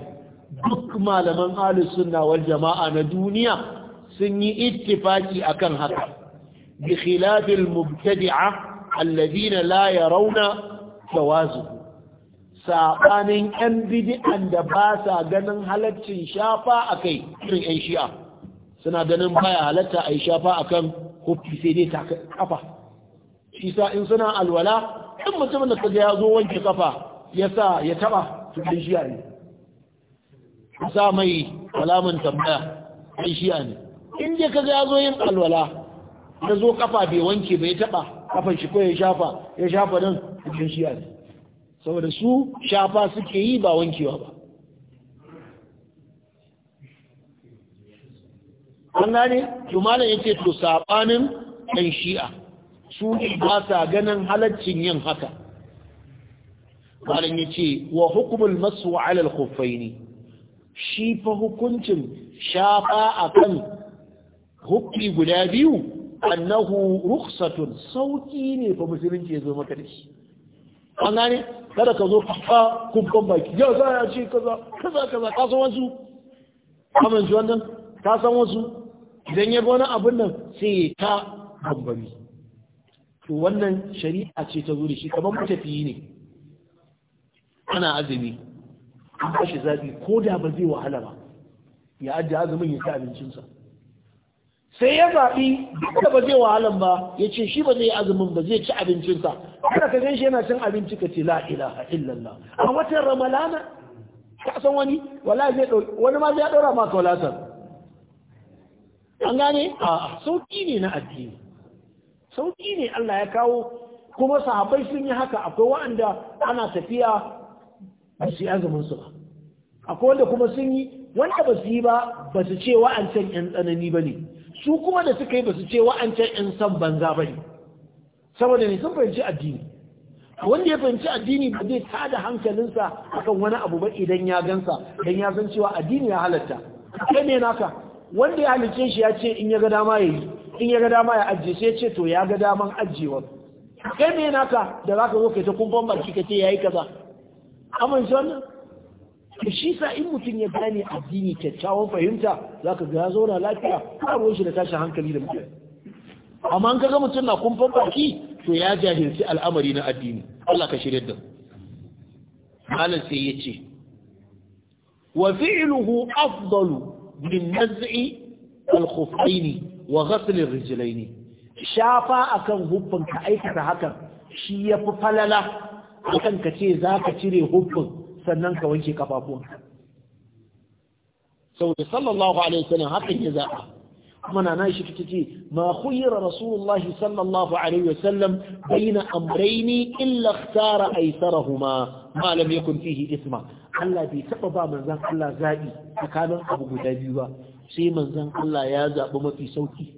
duk malaman ahlus sunna wal jama'a na duniya sun yi ittifaki akan haka بخلاف المبتدعة الذين لا يرون جوازه saɓanin 'yan bidi'an da ba sa ganin halaccin shafa a kai irin 'yan shi'a suna ganin baya halatta a yi shafa a kan hufi sai dai ta kafa shi in suna alwala in mutumin da kaga ya zo wanke kafa ya sa ya taba ne sa mai ne in yin alwala ya zo kafa bai wanke bai taba kafan shi ko ya shafa ya shafa nan cikin shi ne saboda su shafa suke yi ba wankewa ba an gane malam ya ce to sabanin ɗan shi'a su ne ba sa ganin halaccin yin haka malam ya ce wa hukumul masu wa'alar kufai ne shi fa hukuncin shafa a kan hukki guda biyu annahu rukhsatun sauki ne fa musulunci ya zo maka da shi an gane kada ka zo fa kubban baki Ya za ya ce kaza kaza kaza ka san wasu amin ji wannan ka san wasu idan ya wani abin nan sai ta bambami to wannan shari'a ce ta zo da shi kamar matafiyi ne ana azumi an kashe zabi ko da ba zai wahala ba ya ajiye azumin ya ci abincinsa sai ya zaɓi da ba zai wahalan ba ya ce shi ba zai yi azumin ba zai ci abincinsa kada ka gan shi yana cin abinci ka ce "Laila, a illallah a watan ramalana ka san wani wani ma zai ɗora maka kawalatar an gane a sauƙi ne na addini sauƙi ne Allah ya kawo kuma sahabai sun yi haka akwai wa'anda ana tafiya ba su yi azumin su ba akwai wanda kuma sun yi wanda ba su yi ba ba su ce wa'ancan 'yan tsanani ba ne su kuma da suka yi ba su ce wa'ancan 'yan san banza ba ne saboda ne sun fahimci addini wanda ya fahimci addini ba zai da hankalinsa akan wani abu ba idan ya gansa don ya san cewa addini ya halatta kai ne naka wanda ya halicce shi ya ce in ya ga dama ya yi in ya ga dama ya ajiye sai ya ce to ya ga daman ajiyewa kai ne naka da za ka zo kai ta kumfan baki ka ce ya yi kaza amince wannan to shi sa in mutum ya gane addini kyakkyawan fahimta za ka ga zauna lafiya ba shi da tashin hankali da mutane amma an kaga mutum na kumfan baki to ya jahilci al'amari na addini Allah ka shirya da malam sai ya ce wa fi'luhu afdalu min naz'i al-khuffaini wa ghasl ar-rijlaini shafa akan huffin ka aikata hakan shi yafi falala akan ka ce zaka cire huffin sannan ka wanke kafafuwanka saboda sallallahu alaihi wasallam hakan ya zaɓa kuma na nashi ta ce ma khuyira rasulullahi sallallahu alaihi wasallam baina amrayni illa ikhtara aysarahuma ma lam yakun fihi isma Allah bai taba ba manzon Allah zabi tsakanin abu guda biyu ba sai manzon Allah ya zaɓi mafi sauki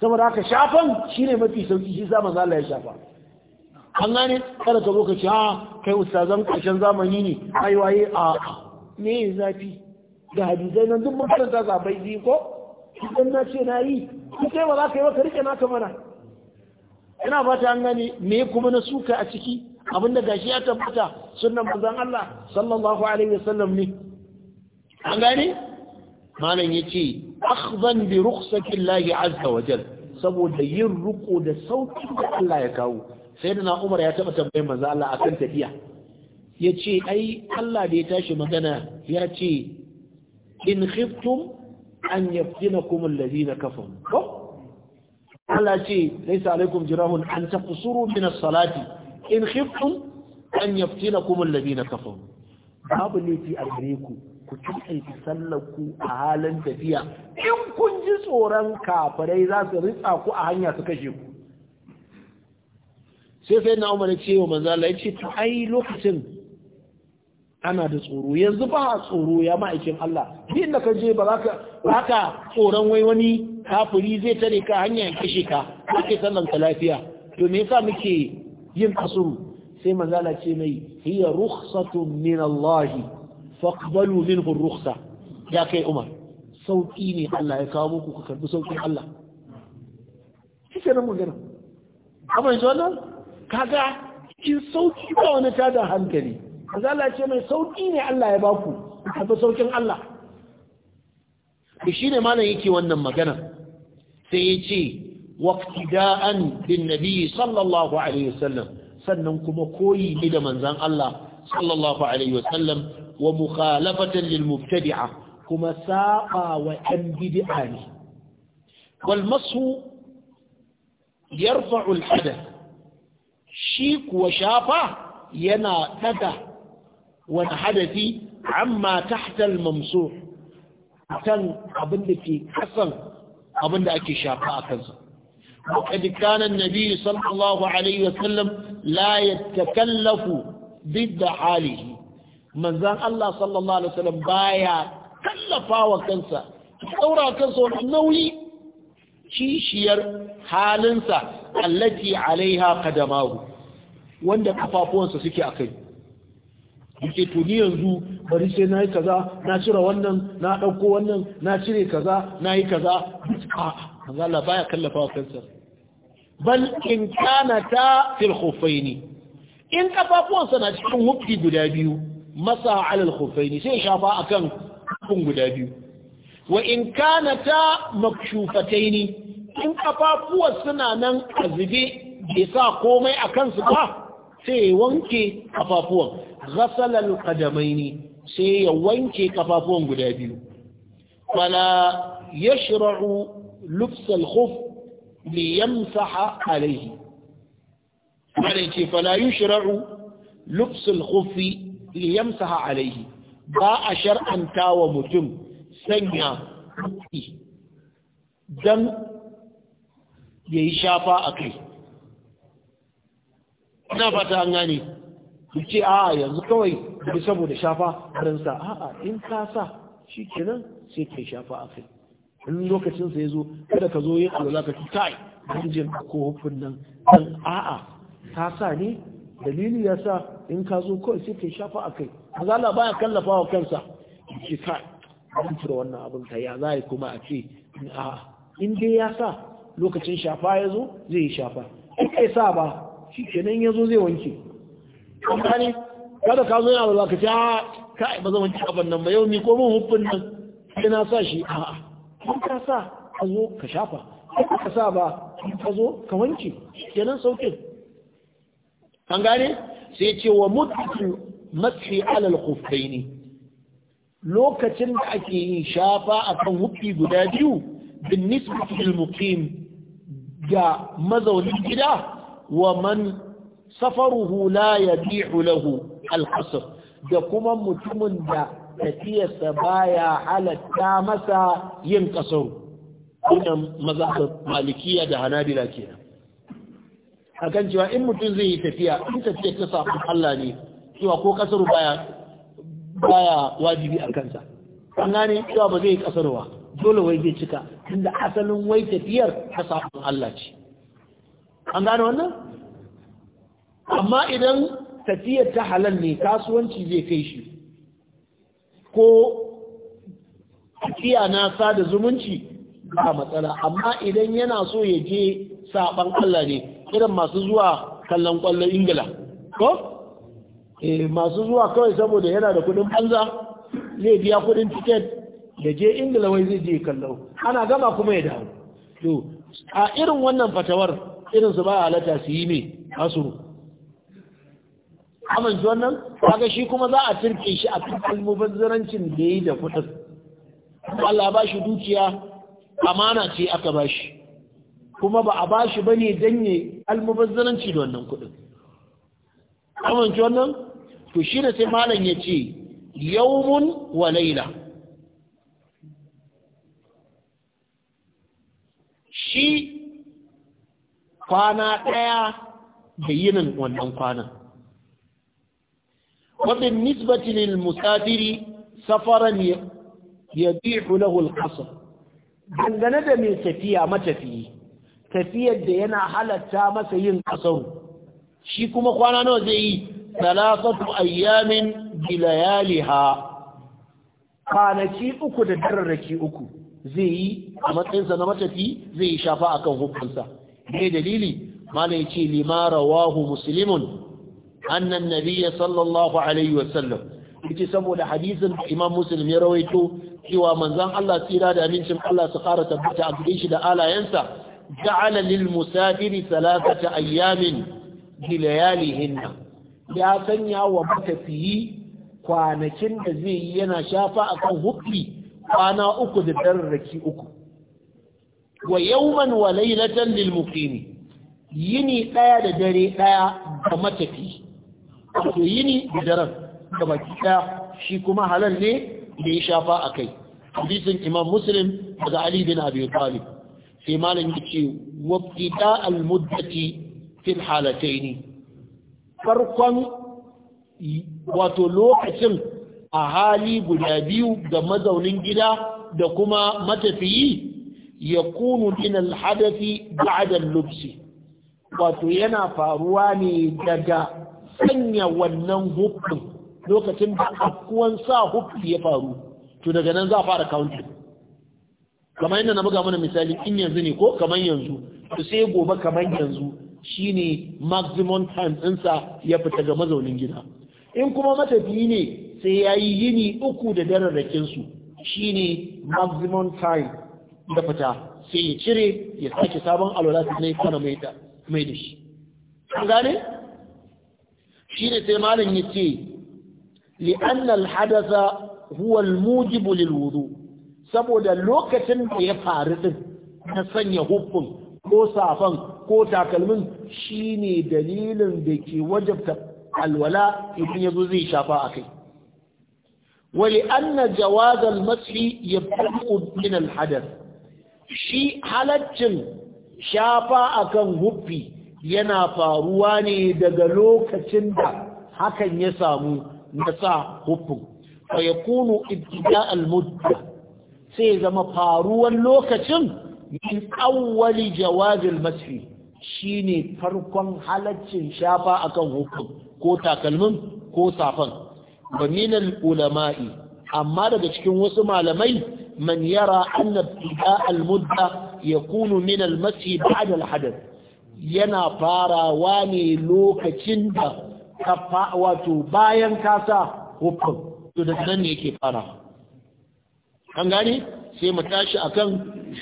saboda haka shafan shine mafi sauki shi sa manzon Allah ya shafa an gane kada ka lokaci ha ah, kai ustazan ƙarshen zamani ne ai waye a me zafi da hadisai nan duk makaranta zabai biyu ko idan na ce na yi kai ba za ka yi ba ka mana ina fata an gane me kuma na suka a ciki abinda gashi ya tabbata sunnan manzon Allah sallallahu alaihi wasallam ne an gane malam yace akhdan bi rukhsati Allah azza wa jalla saboda yin ruko da sautin da Allah ya kawo sai da umar ya taɓa tambayin manzo Allah akan tafiya ya ce ai Allah da ya tashi magana ya ce in khiftum an yaftinakum allazina kafaru ko Allah ce laysa alaikum jirahun an taqsuru min as-salati in khiftum an yaftinakum allazina kafaru babu laifi a gare ku ku tukaita sallar ku a halin tafiya in kun ji tsoron kafirai za su ritsa ku a hanya su kashe ku sai sai na umar ce wa manzo Allah yace ta ai lokacin ana da tsoro yanzu ba a tsoro ya ma'aikin Allah duk inda ka je ba za ka tsoron wai wani kafiri zai tare ka hanya ya kashe ka kake sallan ka lafiya to me yasa muke yin kasum sai manzo Allah ce mai hiya rukhsatu min Allah faqbalu minhu rukhsa ya kai Umar sauki ne Allah ya kawo muku ku karbi saukin Allah kike nan gana amma yanzu wannan kaga cikin sauki ba wani tada hankali Allah ce mai sauki ne Allah ya baku tafi saukin Allah shi ne malam yake wannan magana sai ya ce waqtida'an bin nabi sallallahu alaihi wasallam sannan kuma koyi ne da manzon Allah sallallahu alaihi wasallam wa mukhalafatan lil mubtadi'a kuma saba wa ɗan bidi'a ne walmasu yarfa'ul yarfa'u shi kuwa shafa yana daga wani hadafi amma tahtal mamsu kan abin da ke kasan abin da ake shafa a kansa وقد كان النبي صلى الله عليه وسلم لا يتكلف ضد حاله من ذا الله صلى الله baya وسلم بايا كلفا وكنسا kansa wani nauyi kishiyar halinsa allati alaiha qadamahu wanda kafafuwansa suke akai yake to ni yanzu bari sai nayi kaza na cire wannan na dauko wannan na cire kaza nayi kaza a Allah baya kallafa kansa bal in kana ta fil khuffaini in kafafuwansa na cikin hufi guda biyu masa alal khuffaini sai shafa akan hukun guda biyu wa in kana ta makshufataini in kafafuwa suna nan a zube bai sa komai a kansu ba sai ya wanke kafafuwan ghasalal ne sai ya wanke kafafuwan guda biyu ya yashra'u lufsal huf khuf yamsa ha alaihi bare ce fala yashra'u lufsal hufi khuf yamsa ha alaihi, ba a shar'anta wa mutum sanya dan ya yi shafa a kai ina fata an gane ku ce a yanzu kawai bi saboda shafa ransa a'a in ka sa shi kenan sai ke shafa a kai in lokacinsa ya zo kada ka zo yin alwala ka kai jirgin ko hukun nan dan a'a ka sa ne dalili ya sa in ka zo kawai sai ke shafa a kai ba baya kallafa wa kansa ce kai an cire wannan abin ta ya za kuma a ce a'a in dai ya sa lokacin shafa ya zo zai yi shafa in kai sa ba shi kenan ya zo zai wanke amma kada ka zo yana ba ka ce a ah, kai ba zan wanke abin nan ba yau ni ko mun hukun nan sai na sa shi a'a in ka sa ka zo ka shafa in ka sa ba ka zo ka wanke kenan sauƙin. an gane sai ce wa mutu matsi alal ne. lokacin da ake yin shafa akan hukki guda biyu bin nisbatul muqim ga mazaunin gida wa man safaruhu la yabihu lahu al-qasr da kuma mutumin da tafiyarsa baya halatta masa yin kasar wannan mazhab malikiya da hanabila kenan akan cewa in mutum zai yi tafiya in tafiya ta sa Allah ne cewa ko kasaru baya baya wajibi a kansa an gane cewa ba zai kasaru ba dole wai zai cika tunda asalin wai tafiyar ta Allah ce an gane wannan amma idan tafiyar ta halal ne kasuwanci zai kai shi ko tafiya na sada zumunci ba matsala amma idan yana so ya je saɓan Allah ne irin masu zuwa kallon kwallon ingila ko eh, masu zuwa kawai saboda yana da kuɗin banza zai biya kuɗin tiket Da je inda lawai zai je kallo ana gama kuma ya dawo to a irin wannan fatawar irin su ba halatta su yi ne amma amince wannan kaga shi kuma za a turke shi a cikin mubazzarancin da yi da kudin Allah ba shi dukiya amana ce aka ba shi kuma ba a ba shi ba danye almubazzaranci da wannan kudin amince wannan to shi da sai malam ya ce yawmun wa laila shi kwana ɗaya da yinin wannan kwanan wabin nisbatin musafiri safaran ya bi'u lahu al-qasr dangane da mai tafiya matafiyi tafiyar da yana halatta masa yin ƙasar. shi kuma kwana nawa zai yi salasatu ayyamin bilayaliha kwanaki uku da dararraki uku zai yi a matsayinsa na matafi zai yi shafa akan hukunsa me dalili malai ce lima rawahu musulmin? annan nabiyya sallallahu alaihi wasallam yace saboda hadisin imam musulmi ya rawaito cewa manzon Allah tsira da amincin Allah su Kara tabbata a gare shi da alayensa ja'ala lil musafiri thalathata ayyamin bi layalihinna ya sanya wa matafiyi kwanakin da zai yi yana shafa akan hukmi kwana uku da dararraki uku wa yawman wa laylatan lil muqimi yini daya da dare daya ga matafi to yini da daren da baki daya shi kuma halal ne da ya shafa akai hadisin imam muslim daga ali bin abi talib sai malam yace wabtida al muddati fil halataini farkon wato lokacin a hali guda biyu ga mazaunin gida da kuma matafiyi ya kunu min alhadafi ba'da al-lubsi wato yana faruwa ne daga sanya wannan hukun lokacin da akwai sa hukki ya faru to daga nan za a fara kaunti. kamar yadda na buga mana misali in yanzu ne ko kamar yanzu to sai gobe kamar yanzu shine maximum time ɗinsa ya fita ga mazaunin gida in kuma matafiyi ne sai ya yi yini uku da dararrakinsu shi ne maximum time da fita sai ya cire ya sake sabon alwala su ne kana mai da shi an gane? shi ne sai malin ya ce li'annal hadasa huwal mujibu lil wudu saboda lokacin da ya faru din na sanya hukun ko safan ko takalmin shi ne dalilin da ke wajabta alwala idan zo zai shafa a kai. ولأن جواز المسح يبتدئ من الحدث shi halaccin shafa akan hufi yana faruwa ne daga lokacin da hakan ya samu na sa huffin fa ya kunu ibtida al-mudda sai zama faruwan lokacin min awwali jawazil masfi shine farkon halaccin shafa akan huffin ko takalmin ko safan ba minal ulama'i amma daga cikin wasu malamai man yara anna ibtida al-mudda yakunu min al-masi ba'da al-hadath yana farawa ne lokacin da ka wato bayan ka sa hukun to da nan ne yake fara an gani sai mu tashi akan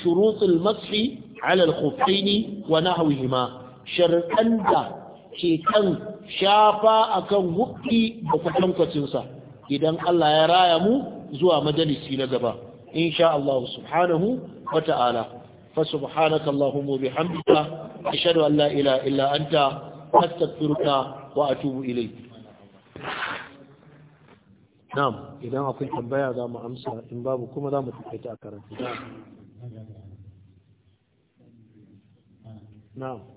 shurutul mashi ala al-khuffaini wa nahwihima sharqan da ke shafa akan hukki da kwatankwacinsa idan Allah ya raya mu zuwa majalisi na gaba insha Allah subhanahu wa ta'ala fa subhanaka allahumma bihamdika ashhadu an la ilaha illa anta astaghfiruka wa atubu ilayk na'am idan akwai tambaya za mu amsa in babu kuma za mu tafi a karatu na'am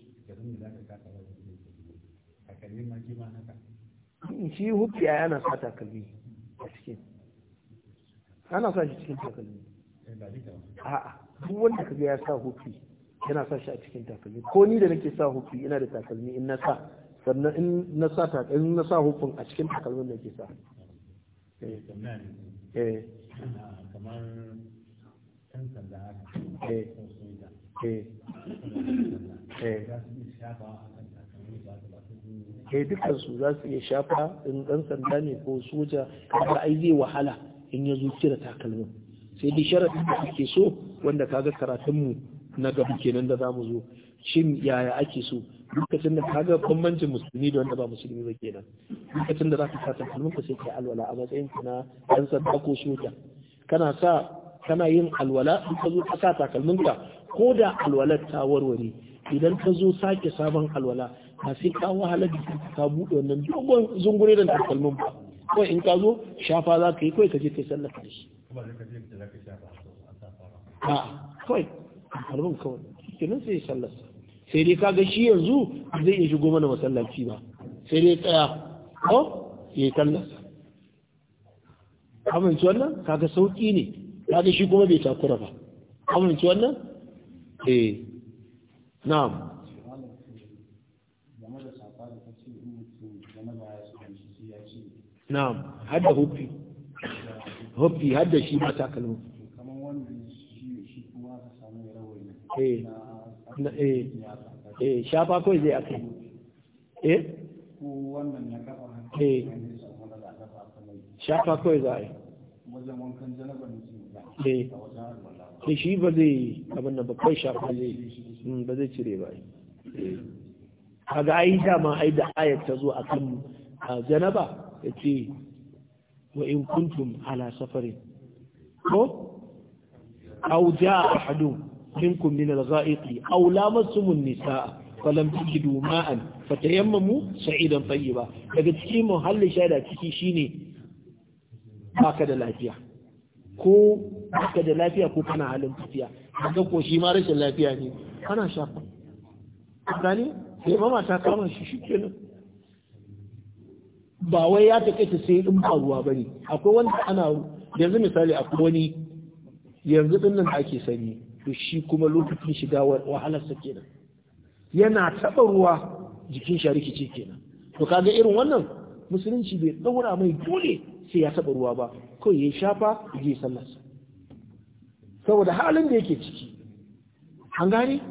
yanzu ne za ka kasa da zai kudu a kalli ma kima haka shi hukki a yana sa takalmi a cikin ana sa shi cikin takalmi eh, a'a duk wanda kaga ya sa hukki yana sa shi a cikin takalmi ko ni da nake sa hukki ina da takalmi in na sa sannan in na sa takalmi in na sa hukun a cikin takalmin da ke sa eh, eh. kamar ɗan sanda haka eh eh eh kai dukkan su za su iya shafa in dan sanda ne ko soja kamar ai zai wahala in ya zo kira takalmin sai dai sharadin da ake so wanda kaga karatun mu na gaba kenan da zamu zo shin yaya ake so lokacin da kaga bambancin musulmi da wanda ba musulmi ba kenan lokacin da ka sa takalmin ka sai kai alwala a matsayin ka na dan sanda ko soja kana sa kana yin alwala in ka zo ka sa takalmin ka ko da alwalar ta warware idan ka zo sake sabon alwala ka sai ka wahala da ka buɗe wannan dogon zungure da takalmin ba kawai in ka zo shafa za ka yi kawai ka je kai sallah da shi ba kawai takalmin kawai kenan sai sallar sai dai kaga shi yanzu zai iya shigo mana masallaci ba sai dai tsaya ko ya yi sallar amince wannan kaga sauki ne kaga shi kuma bai takura ba amince wannan eh na'am na'am hadda hufi hufi hadda shi ba takalmi kamar eh. wannan shi eh. kuma ka samu eh shafa kawai zai eh eh shafa kawai za a yi eh, eh shi zai abin da ba shafa zai Mm, ba zai cire ba kaga ai dama ai da ayat ta zo akan janaba yace wa in kuntum ala safarin ko aw jaa ahadu minkum min al-gha'iqi aw lamasum an-nisaa falam tajidu ma'an fatayammamu sa'idan tayyiba daga cikin muhalli shaida ciki shine baka da lafiya ko baka da lafiya ko kana halin tafiya kaga ko shi ma rashin lafiya ne kana shafa gani sai mama ta kama shi nan ba wai ya kaita sai in ba ruwa ne, akwai wanda ana yanzu misali akwai wani yanzu din nan ake sani to shi kuma lokacin shiga wahalar sa kenan yana taba ruwa jikin shi rikici kenan to kaga irin wannan musulunci bai daura mai dole sai ya taɓa ruwa ba kawai ya shafa ya je sallarsa saboda halin da yake ciki an gane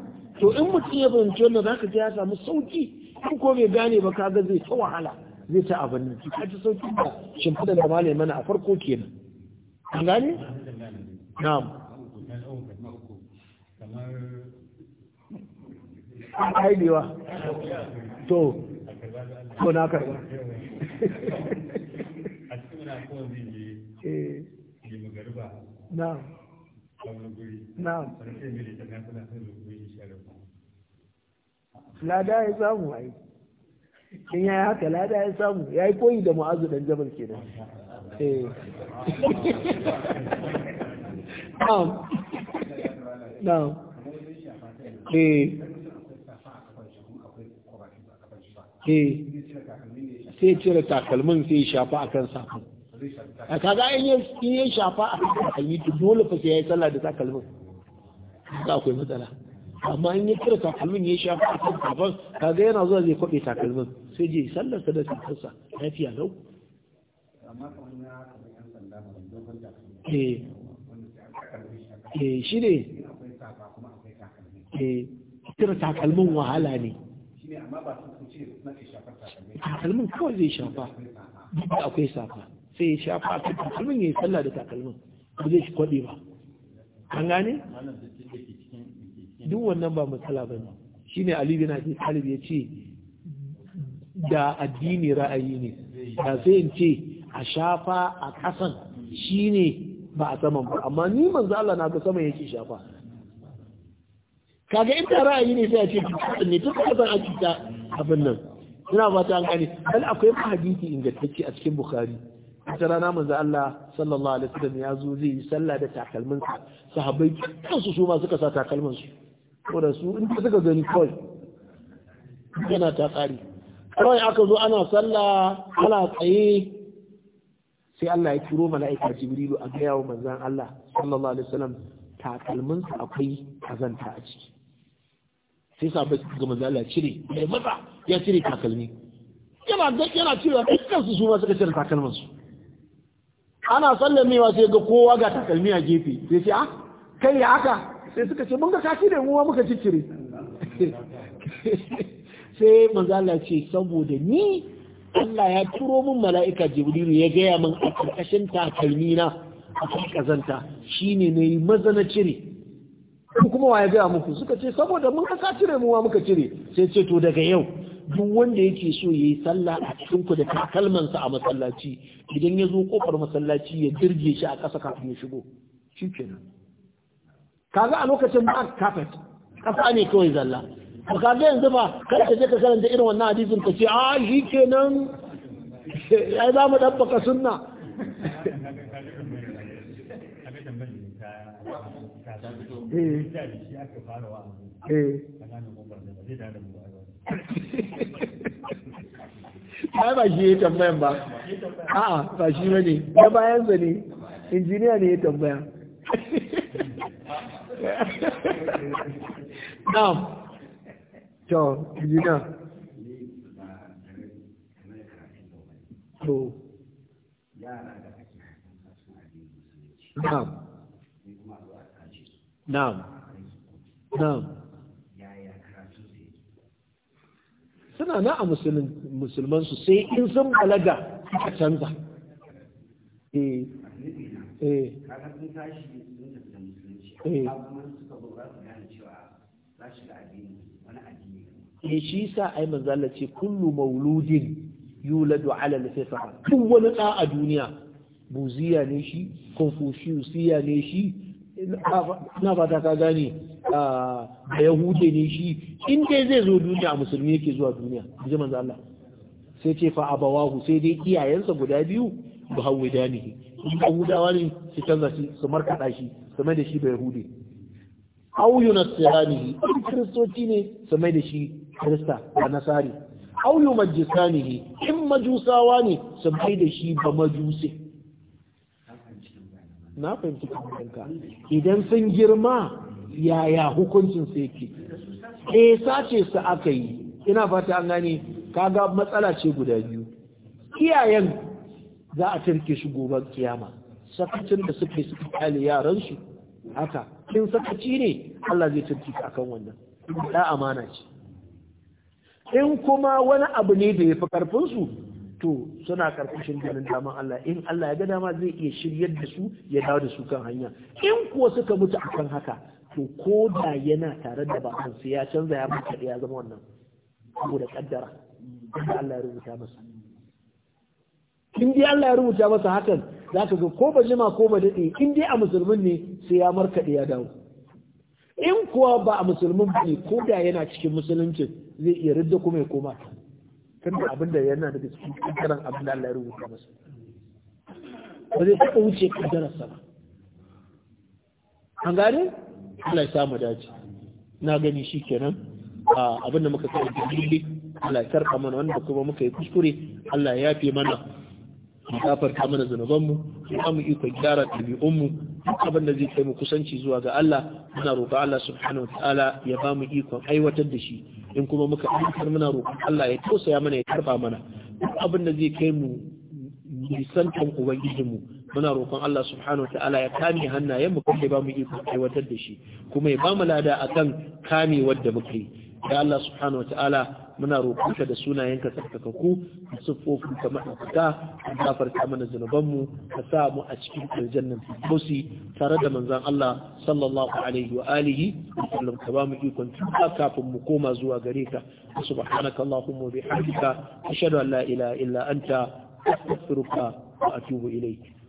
to in mutum ya fahimci wannan zaka ji ya samu sauki in ko bai gane ba kaga zai ta wahala zai ta abin da ka ji sauki da shimfiɗa da malai mana a farko kenan an gane na'am an haidewa to ko na karba a cikin na kowane ne ke magariba na'am na da lada ya samu ai in yayi haka lada ya samu ya yi koyi da mu'azu dan jabal kenan eh na'am na'am eh eh sai cire takalmin sai shafa akan safin a kaga in yi shafa a takalmi dole fa ya yi sallah da takalmin ga akwai matsala amma in ya kira takalmin ya shafa a kan kafan kaga yana zuwa zai kwaɓe takalmin sai je sallar sa da takalsa lafiya lau wahala ne takalmin kawai zai shafa akwai safa sai ya shafa ta takalmin ya yi sallah da takalmin ba zai shi kwaɗe ba an gane duk wannan ba matsala ba ne shi ne alibi na ce talib ya ce da addini ra'ayi ne da sai in ce a shafa a ƙasan shi ne ba a saman ba amma ni manzo Allah na ga sama yake shafa kaga in ta ra'ayi ne sai a ce kasan ne duk kasan a cika abin nan ina ba ta an gane bal akwai hadisi ingantacce a cikin bukhari wata rana manzo Allah sallallahu alaihi wasallam ya zo zai yi sallah da takalmin sa sahabbai kansu su ma suka sa takalmin su da su in suka gani kawai yana ta tsari kawai aka zo ana sallah ana tsaye sai Allah ya turo mala'ika Jibrilu a gaya wa manzo Allah sallallahu alaihi wasallam takalmin sa akwai kazanta a ciki sai sahabbai suka ga manzo Allah cire mai maza ya cire takalmi yana yana cewa kansu su ma suka cire takalmin su ana sallamewa sai ga kowa ga takalmi a gefe sai ce ah kai ya haka sai suka ce mun ga kashi da mu muka ciccire sai manzo ce saboda ni Allah ya turo min mala'ika Jibrilu ya gaya min a karkashin takalmi na akwai kazanta shine ne maza na cire kuma wa ya gaya muku suka ce saboda mun ka cire mu muka cire sai ce to daga yau duk wanda yake so ya yi sallah a cikin ku da takalmansa a masallaci idan ya zo kofar masallaci ya dirge shi a ƙasa kafin ya shigo shi kenan kaga a lokacin ba kafet ƙasa ne kawai zalla ba kaga yanzu ba kar ka je ka karanta irin wannan hadisin ka ce a ah, shi kenan ai za mu dabbaka sunna eh eh, eh. ai ba shi ya tambayan ba a'a ba shi ba ne na bayansa ne injiniya ne ya tambaya na'am to injiniya to na'am na'am na'am suna na a su sai in sun balaga suka canza E eh shi sa ai manzala ce kullu mauludin yuladu ala al duk wani da a duniya buziya ne shi confucius ne shi Na ba ta ka gane a yahude ne shi in dai zai zo duniya musulmi yake zuwa duniya ji manzo Allah sai ce fa abawahu sai dai iyayensa guda biyu ba hau hawida ne huda wani su canza shi su markaɗa shi su mai da shi ba yahude au yunasiranihi in kiristoci ne su mai da shi kirista da nasari au yumajjisanihi in majusawa ne su mai da shi ba majusi na fahimci kamarinka idan sun girma yaya hukuncin su yake eh sace su aka yi ina fata an gane kaga matsala ce guda biyu iyayen za a tarke shi gobe kiyama sakacin da suka suke suka yaran su haka in sakaci ne Allah zai tarke ka akan wannan da amana ce in kuma wani abu ne da ya fi karfin su to suna karkashin ganin daman Allah in Allah ya ga dama zai iya shiryar da su ya dawo da su kan hanya in kuwa suka mutu akan haka to ko da yana tare da ba su ya canza ya mutu ya zama wannan ko da kaddara inda Allah ya rubuta masa in dai Allah ya rubuta masa hakan za ka ga ko ba jima ko ba dade in dai a musulmin ne sai ya markaɗe ya dawo in kuwa ba a musulmin ba ne ko da yana cikin musuluncin zai iya ridda kuma ya koma ta tunda abin da yana daga cikin kaddaran abin da Allah ya rubuta masa ba zai taɓa wuce kaddarar sa an gane Allah ya samu dace na gani shi kenan abin da muka a jirgin Allah ya karɓa mana wanda kuma muka yi kuskure Allah ya yafe mana ya farka mana zunubanmu ya mu iko gyara ɗabi'unmu duk abin da zai kai mu kusanci zuwa ga Allah muna roƙa Allah subhanahu ta'ala ya ba mu ikon aiwatar da shi in kuma muka aiwatar muna roƙa Allah ya tausaya mana ya karɓa mana duk abin da zai kai mu nisantan ubangijinmu muna roƙon Allah subhanahu ta'ala ya kame hannayen mu kuma ya ba bamu iko aiwatar da shi kuma ya ba mu lada akan kamewar da muka yi ya Allah subhanahu wataala muna roƙonka da sunayenka tsarkakaku da siffofin ka maɗaukaka ka gafarta mana zunubanmu ka sa mu a cikin aljannan firdausi tare da manzon Allah sallallahu alaihi wa alihi wa sallam ka ba mu ikon tuba kafin mu koma zuwa gare ka subhanaka allahumma wa bihamdika ashhadu an la ilaha illa anta astaghfiruka wa atubu ilayk